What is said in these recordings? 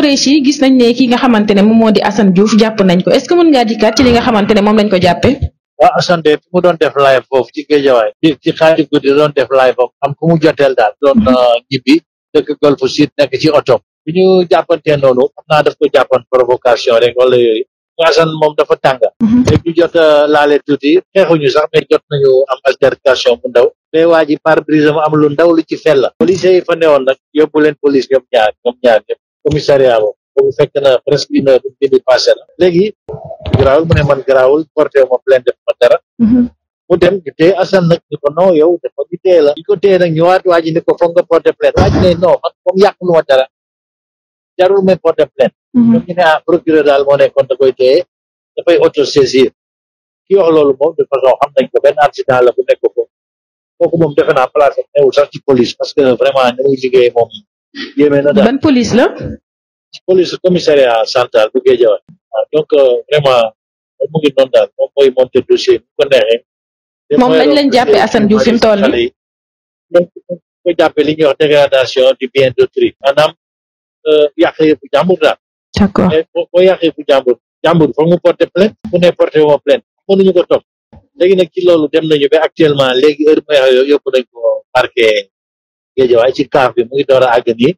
Khoureychi gis nañ ne ki nga xamante ne moom moo di Assane Diouf jàpp ko est ce que mën nga xamante ne moom lañ ko jàppee. waaw Assane de fi mu doon def live foofu ci Guédiawaye ci ci guddi doon def live foofu am mhm. euh, bi ñu jàppantee noonu xam naa daf ko jàppoon provocation rek wala yooyu Assane moom dafa tàng mhm. te ñu jot euh, laale tuuti xeexuñu sax mais jot nañu am altercation bu ndaw mais waa ji pare-brise am lu ndaw lu ci fell police yi fa newoon nag yóbbu leen police ñoom ñaar ñoom ñaar ñëpp commissariat ba boobu fekk na presque une heure bi passé na léegi garaawul mu ne man garaawul porté ma plainte dara mhm. mu dem ñu téye Assane nag ni ko non yow dafa ñu téye la ñu ko téye nag ñëwaat waa ji ni ko foog nga porté plainte waa ji ne non man moom yàqulu ma dara jarul may porté plainte mhm. ñoom ne ah procureur daal moo nekkoon da koy téye dafay autosaisir ki wax loolu moom de façon xam nañ ko benn accident la bu nekk ko kooku moom defe naa place am newul sax ci police parce vraiment ni muy liggéey moom yéeme na daal ban police la. police commissariat central bu Guédiawaye. waaw donc euh, vraiment euh, mu ngi noonu moom mooy ko neexee. moom lañ leen jàppee Assane Diouf fi mu toll nii. donc ko jàppee li ñuy wax dégradation du bien d'autrui maanaam euh, yàq yëfu jàmbur daal. d'accord mais boo jàmbur jàmbur foog mu porter plainte mu ne porter woo plainte mënuñu ko topp léegi nag loolu dem nañu ba actuellement léegi heure mooy yóbbu nañ ko parquet. géejawaay ci kaaf bi mu ngi door a àgg nii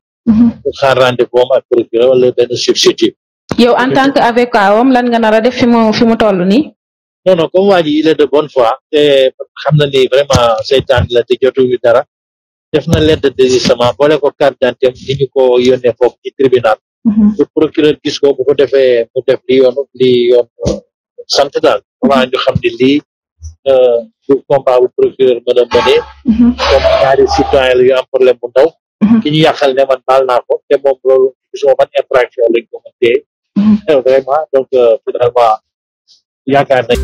pour xaar rendez-vous procureur wala benn substitut yow en tant que avocat wam lan nga nar a def fi mu fi mu toll nii non non comme waa ji il est de bonne foi te xam na ni vraiment seytaan la te jotu yu dara def na lettre de désistement boole ko carte d'identité di ñu ko yone foofu ci tribunal pour mhm. procureur gis ko bu ko defee mu def li yoon li yoon sant daal waa mhm. xam ne lii na combat bu procureur mën a mënee mhm. comme ñaari citoyen la yu am problème bu ndaw mhm. ki ñu yàqal ne man baal naa ko te moom loolu gisuma ban infraction lañ ko mën tee mhm. vraiment donc euh, finalement yaakaar nañ